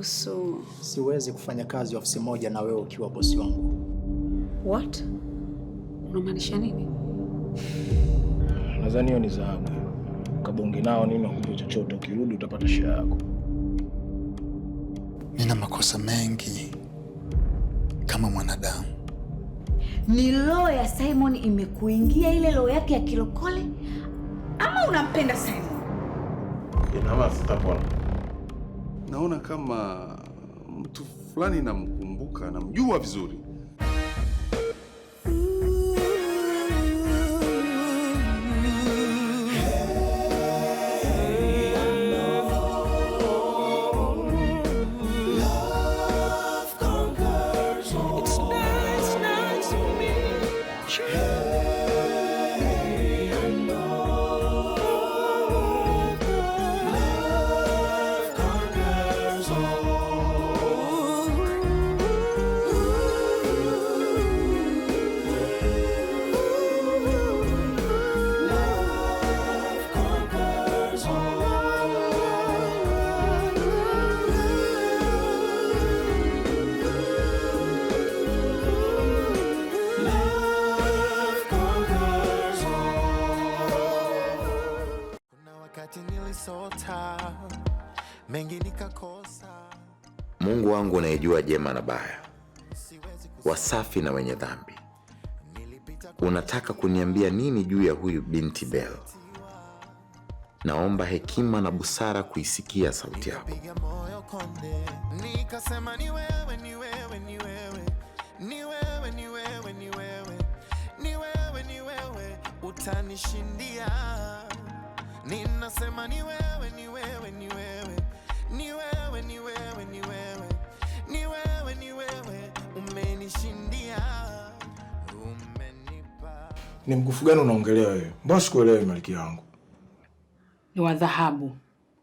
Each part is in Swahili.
kuhusu... Siwezi kufanya kazi ofisi moja na wewe ukiwa bosi wangu. What? Unamaanisha nini? Nadhani hiyo ni dhahabu. Kabonge nao nini wakupe chochote, ukirudi utapata shia yako. Nina makosa mengi kama mwanadamu. Ni roho ya Simon imekuingia, ile roho yake ya kilokole, ama unampenda Simon? Inama sitapona naona kama mtu fulani namkumbuka, namjua vizuri. mengi nikakosa. Mungu wangu unayejua jema na baya, wasafi na wenye dhambi, unataka kuniambia nini juu ya huyu binti Bel? Naomba hekima na busara kuisikia sauti yako. utanishindia. Ninasema ni wewe, ni wewe, ni wewe ni wewe, ni wewe, ni wewe, ni wewe, ni wewe, umenishindia, umenipa. Ni mkufu gani unaongelea wewe? Mbona sikuelewi, maliki yangu? Ni wa dhahabu.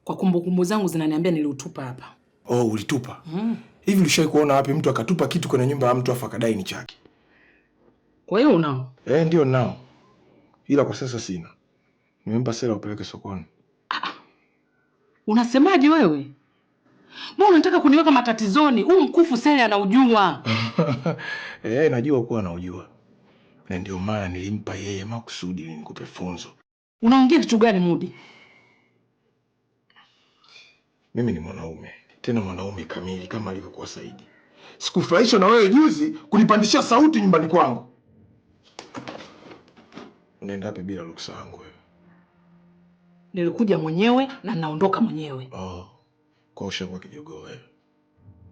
Kwa kumbukumbu zangu zinaniambia niliutupa hapa. Oh, ulitupa? Mm. Hivi ulishawahi kuona wapi mtu akatupa kitu kwenye nyumba ya mtu afa kadai ni chake? Kwa hiyo unao? Eh, ndio nao. Ila kwa sasa sina. Nimempa Sela upeleke sokoni. Unasemaje wewe? Mbona unataka kuniweka matatizoni? Huu mkufu Sele anaujua. Eh, najua kuwa anaujua. Na ndio maana nilimpa yeye makusudi ili nikupe funzo. Unaongea kitu gani Mudi? Mimi ni mwanaume, tena mwanaume kamili kama alivyokuwa Saidi. Sikufurahishwa na wewe juzi kunipandishia sauti nyumbani kwangu. Unaenda wapi bila ruksa yangu wewe? nilikuja mwenyewe na naondoka mwenyewe. Oh, kwa ushauri wa kijogoo wewe,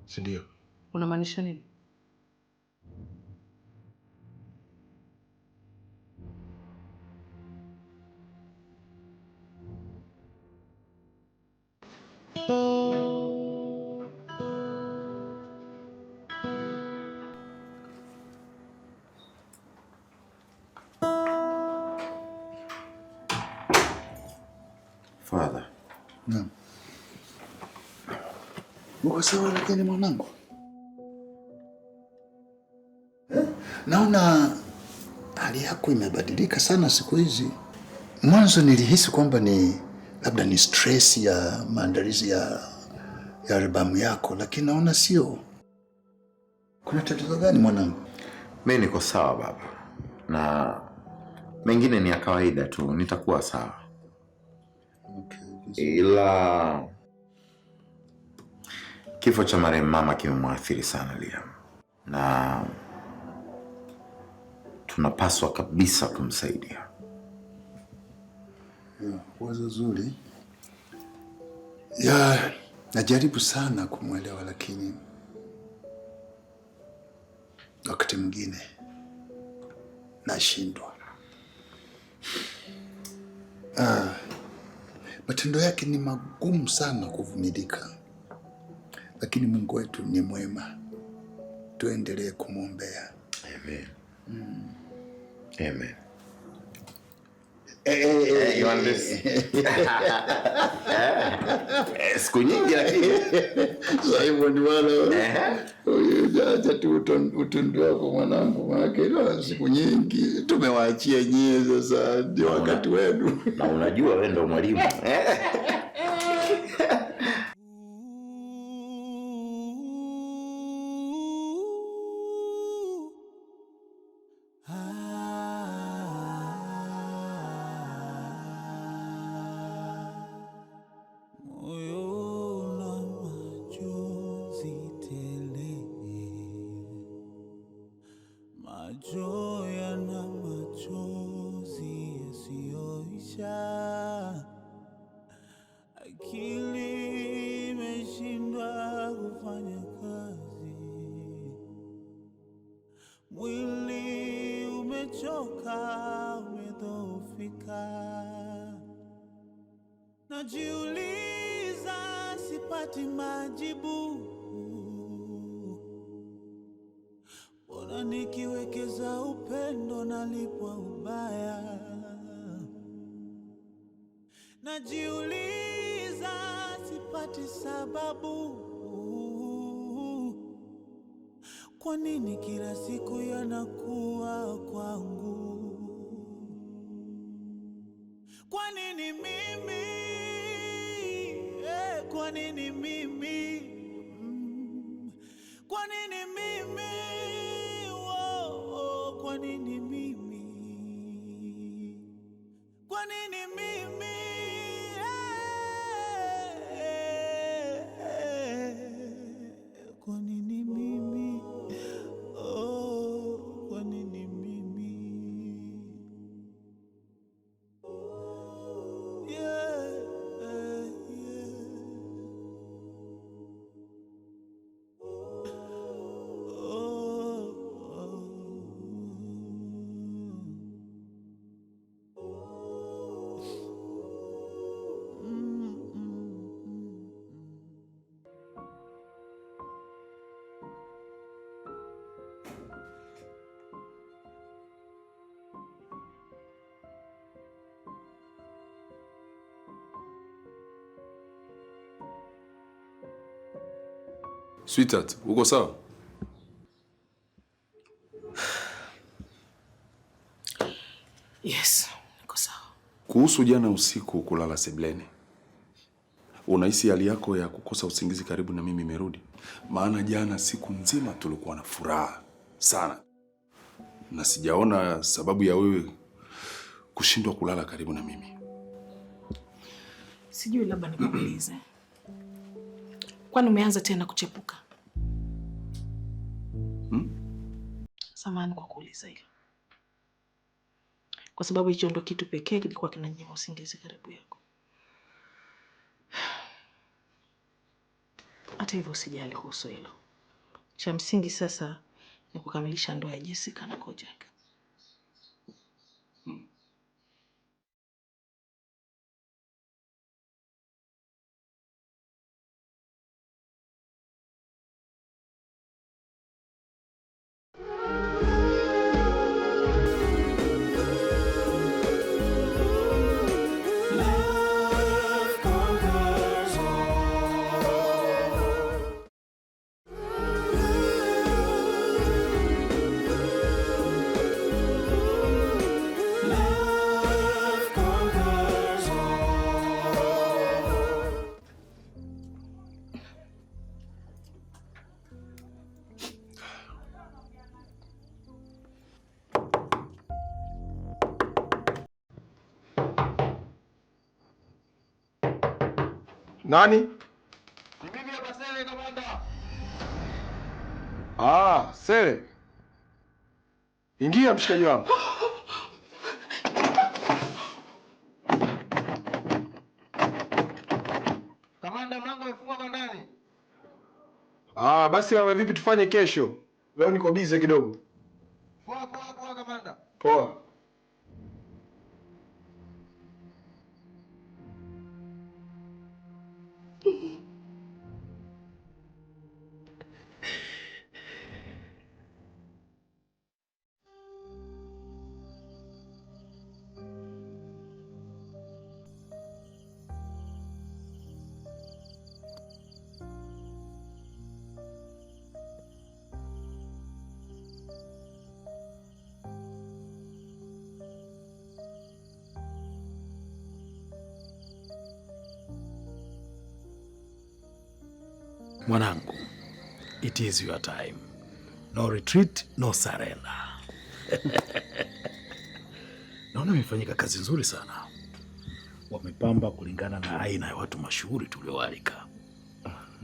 si ndio? Unamaanisha nini? sawa, lakini mwanangu eh? Naona hali yako imebadilika sana siku hizi. Mwanzo nilihisi kwamba ni labda ni stress ya maandalizi ya, ya albamu yako, lakini naona sio. Kuna tatizo gani mwanangu? Mi niko sawa baba, na mengine ni ya kawaida tu, nitakuwa sawa okay, ila Kifo cha marehemu mama kimemwathiri sana Liam, na tunapaswa kabisa kumsaidia. Wazo zuri ya najaribu sana kumwelewa, lakini wakati mwingine nashindwa. Ah, matendo yake ni magumu sana kuvumilika lakini Mungu wetu ni mwema, tuendelee kumwombea. Amen. Mm. Amen. Hey, hey, hey, hey. Siku nyingi lakini Simon wala acha tu utundu wako mwanangu, manake siku nyingi tumewaachia nyie, sasa ndio wakati wenu, na unajua wewe ndio mwalimu yo kwa ubaya. Najiuliza, sipati sababu, kwa nini kila siku yanakuwa kwangu? Kwa nini mimi eh? Kwa nini mimi In enemy. Sweetheart, uko sawa? Yes, niko sawa. Kuhusu jana usiku kulala sebleni, unahisi hali yako ya kukosa usingizi karibu na mimi imerudi? Maana jana siku nzima tulikuwa na furaha sana, na sijaona sababu ya wewe kushindwa kulala karibu na mimi. Sijui, labda nikuulize Kwani umeanza tena kuchepuka hmm? Samahani kwa kuuliza hilo, kwa sababu hicho ndo kitu pekee kilikuwa kinanyima usingizi karibu yako. Hata hivyo, usijali kuhusu hilo. Cha msingi sasa ni kukamilisha ndoa ya Jessica na Kojak. Nani? Ni mimi kamanda. Ah, Sele, ingia mshikaji wangu. Kamanda, mlango umefungwa kwa ndani. Ah, basi wewe vipi tufanye kesho? Leo niko busy kidogo. Poa poa poa, kamanda. Poa. Mwanangu, it is your time. No retreat, no surrender. Naona imefanyika kazi nzuri sana, wamepamba kulingana na aina ya watu mashuhuri tuliowalika.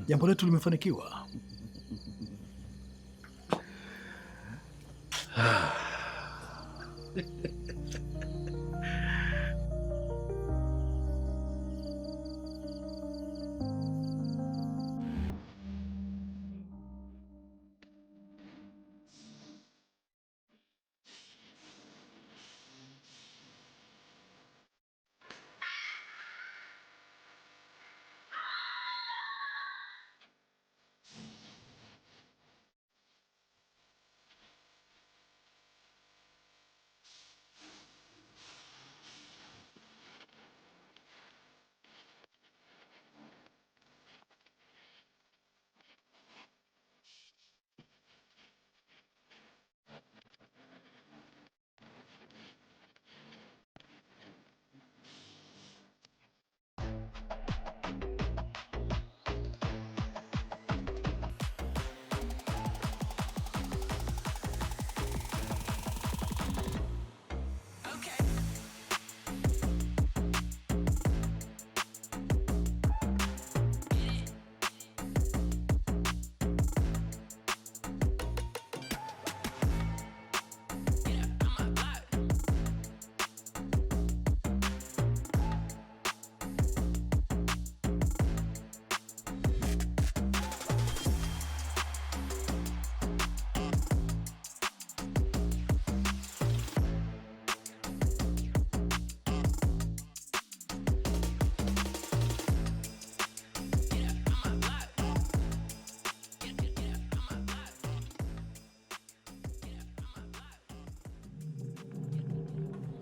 Jambo letu limefanikiwa.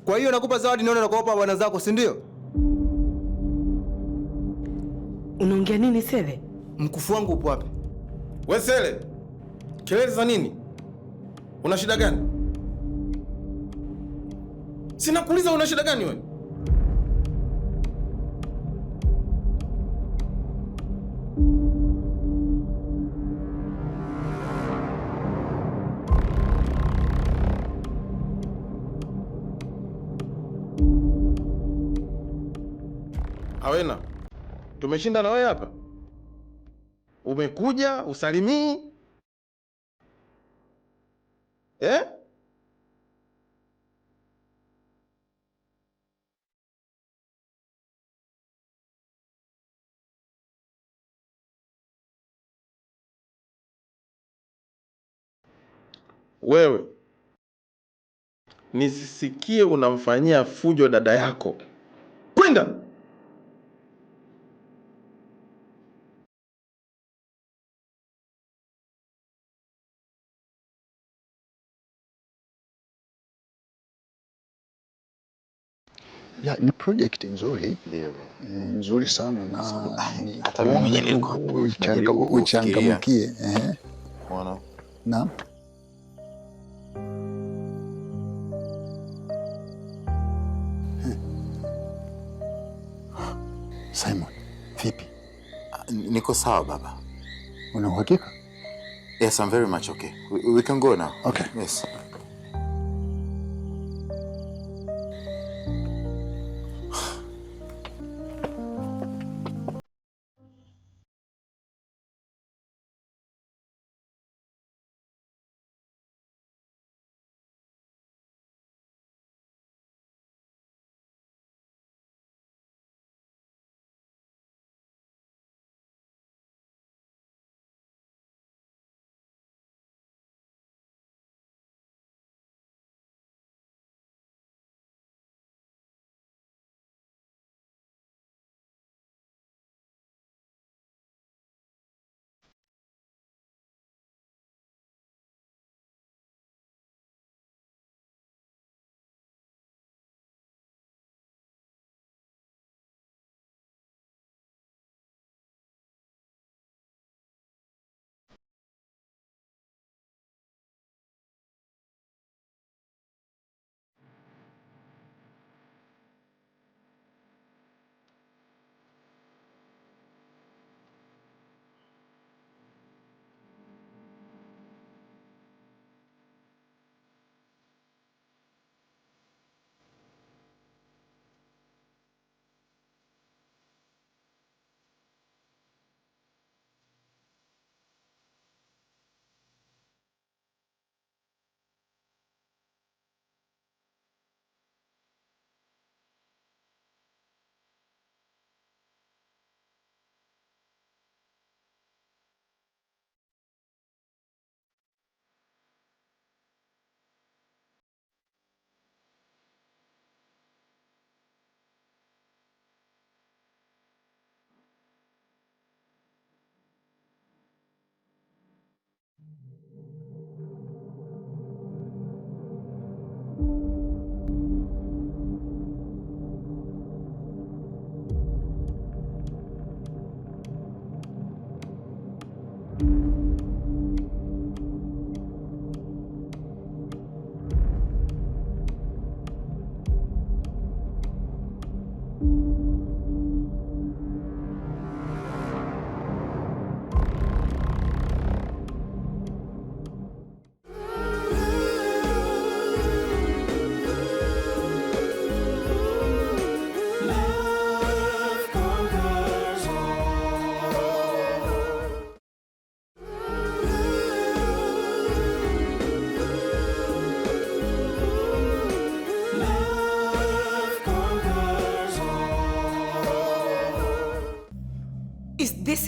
Kwa hiyo nakupa zawadi, naona nakuwapa bwana zako, si ndio? Unaongea nini Sele? Mkufu wangu upo wapi? We Sele, kelele za nini? Una shida gani? Sinakuuliza una shida gani wewe? Awena, tumeshinda na wewe hapa, umekuja usalimii eh? Wewe nisisikie unamfanyia fujo dada yako, kwenda. Ya, ni project nzuri eh, nzuri sana na hata mimi uchangamkie mwana eh. na eh. Simon, vipi? Ah, niko sawa baba. Una uhakika? Yes, I'm very much okay. We, we can go now. Okay. Yes. Okay.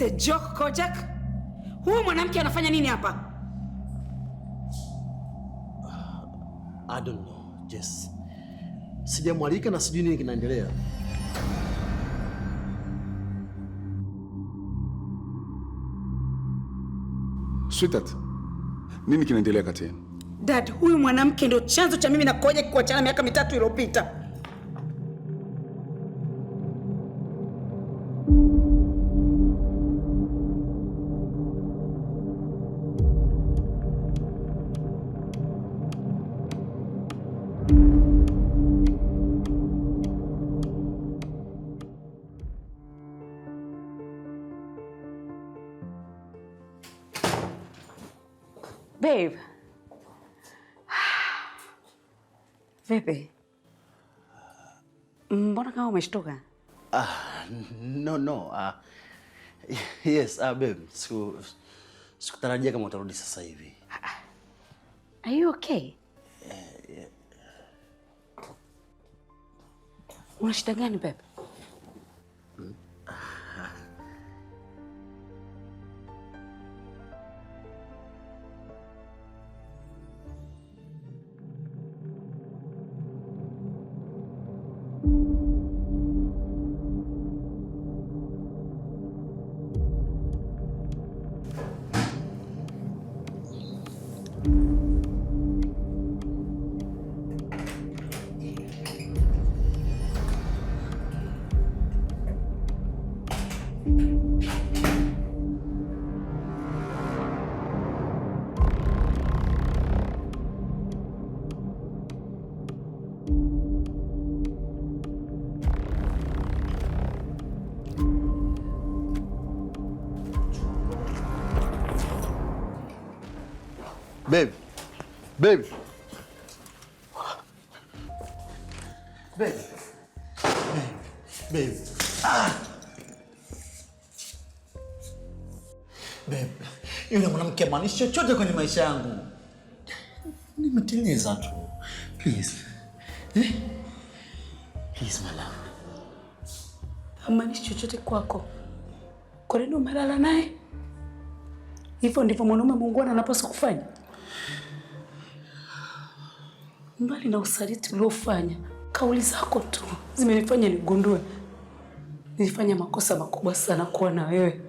a joke, Kojak, huyu mwanamke anafanya nini hapa? I don't know, Jess. Sijamwalika na sijui nini kinaendelea. Sweetheart, nini kinaendelea kati yenu? Dad, huyu mwanamke ndio chanzo cha mimi na Kojak kuachana miaka mitatu iliyopita. Umeshtuka? Ah, no, no. Ah, yes, ah, babe. Siku sikutarajia kama utarudi sasa hivi. Are you okay? Uh, yeah. Una shida gani babe? Babe. Babe. Babe. Babe. Ah. Yule mwanamke maanishi chochote kwenye maisha yangu. tu. Please. haimaanishi chochote kwako. Kwa nini umelala naye? Hivyo ndivyo mwanaume muungwana anapaswa kufanya? Mbali na usaliti uliofanya, kauli zako tu zimenifanya nigundue nilifanya makosa makubwa sana kuwa na wewe.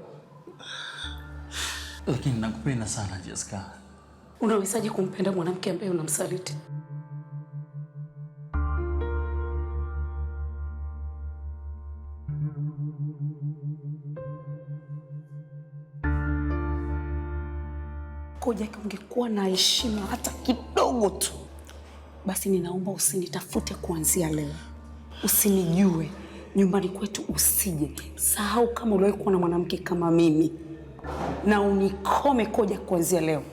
Lakini nakupenda sana Jessica. Unawezaje kumpenda mwanamke ambaye unamsaliti? Jack, ungekuwa na heshima hata kidogo tu, basi ninaomba usinitafute kuanzia leo, usinijue nyumbani kwetu, usije sahau kama uliwahi kuwa na mwanamke kama mimi, na unikome koja kuanzia leo.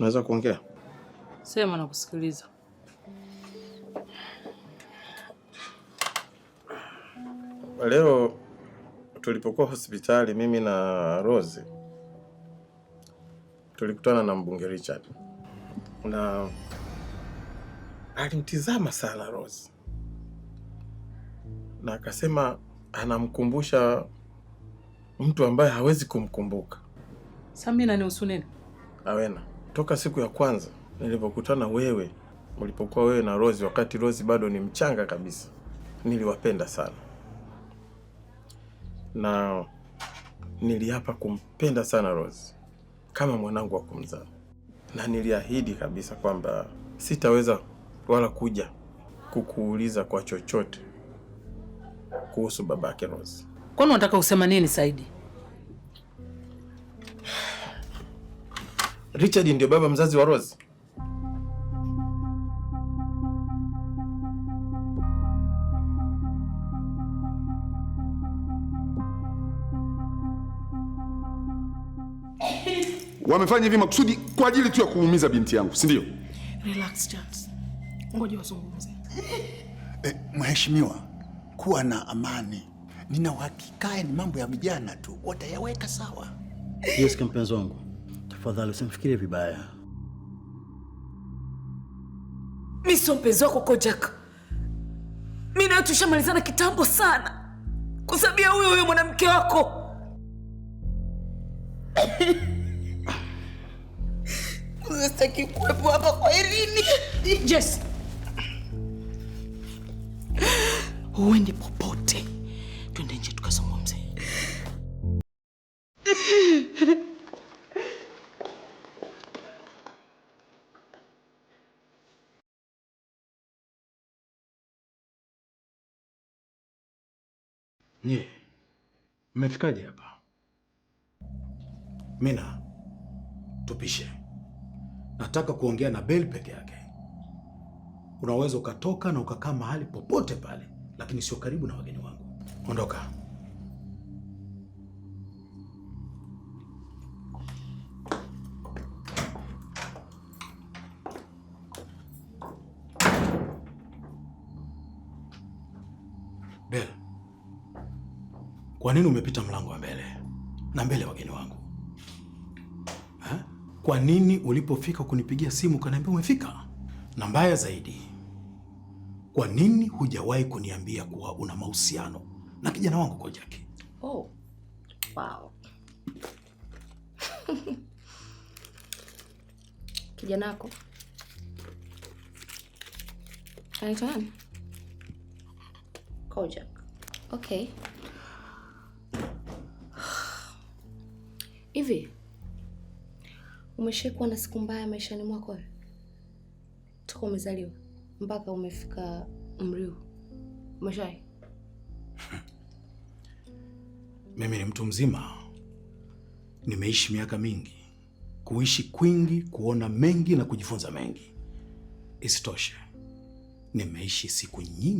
tunaweza kuongea? Sema, nakusikiliza. Leo tulipokuwa hospitali mimi na Rose tulikutana na mbunge Richard, na alimtizama sana Rose na akasema anamkumbusha mtu ambaye hawezi kumkumbuka. Samina ni usuneni awena toka siku ya kwanza nilipokutana wewe, ulipokuwa wewe na Rose, wakati Rose bado ni mchanga kabisa, niliwapenda sana na niliapa kumpenda sana Rose kama mwanangu wa kumzaa, na niliahidi kabisa kwamba sitaweza wala kuja kukuuliza kwa chochote kuhusu babake Rose. Kwani unataka kusema nini Saidi? Richard ndio baba mzazi wa Rose? Wamefanya hivi makusudi kwa ajili tu ya kuumiza binti yangu, si ndio? Relax Charles. Ngoja wazungumze. Eh, mheshimiwa, kuwa na amani. Nina uhakika ni mambo ya vijana tu, watayaweka sawa. Yes, mpenzi wangu. Tafadhali usimfikirie vibaya. Mi sio mpenzi wako Kojak, mi nayo tushamalizana kitambo sana kwa sababu ya huyo huyo mwanamke wako. Sitaki kuwepo hapa kwa Irini. Yes. Uende popote, twende nje tukasomwa mzee Nye, mmefikaje hapa? Mina, tupishe. Nataka kuongea na bel peke yake. Unaweza ukatoka na ukakaa mahali popote pale, lakini sio karibu na wageni wangu. Ondoka. Kwa nini umepita mlango wa mbele na mbele wageni wangu ha? Kwa nini ulipofika kunipigia simu kaniambia umefika? Na mbaya zaidi, kwa nini hujawahi kuniambia kuwa una mahusiano na kijana wangu Kojak? Oh. Wow. kijana wako anaitwa nani? Kojak. Okay. Hivi umeshakuwa na siku mbaya maishani mwako toka umezaliwa mpaka umefika umri huu? Umeshai? Mimi ni mtu mzima, nimeishi miaka mingi, kuishi kwingi, kuona mengi na kujifunza mengi. Isitoshe, nimeishi siku nyingi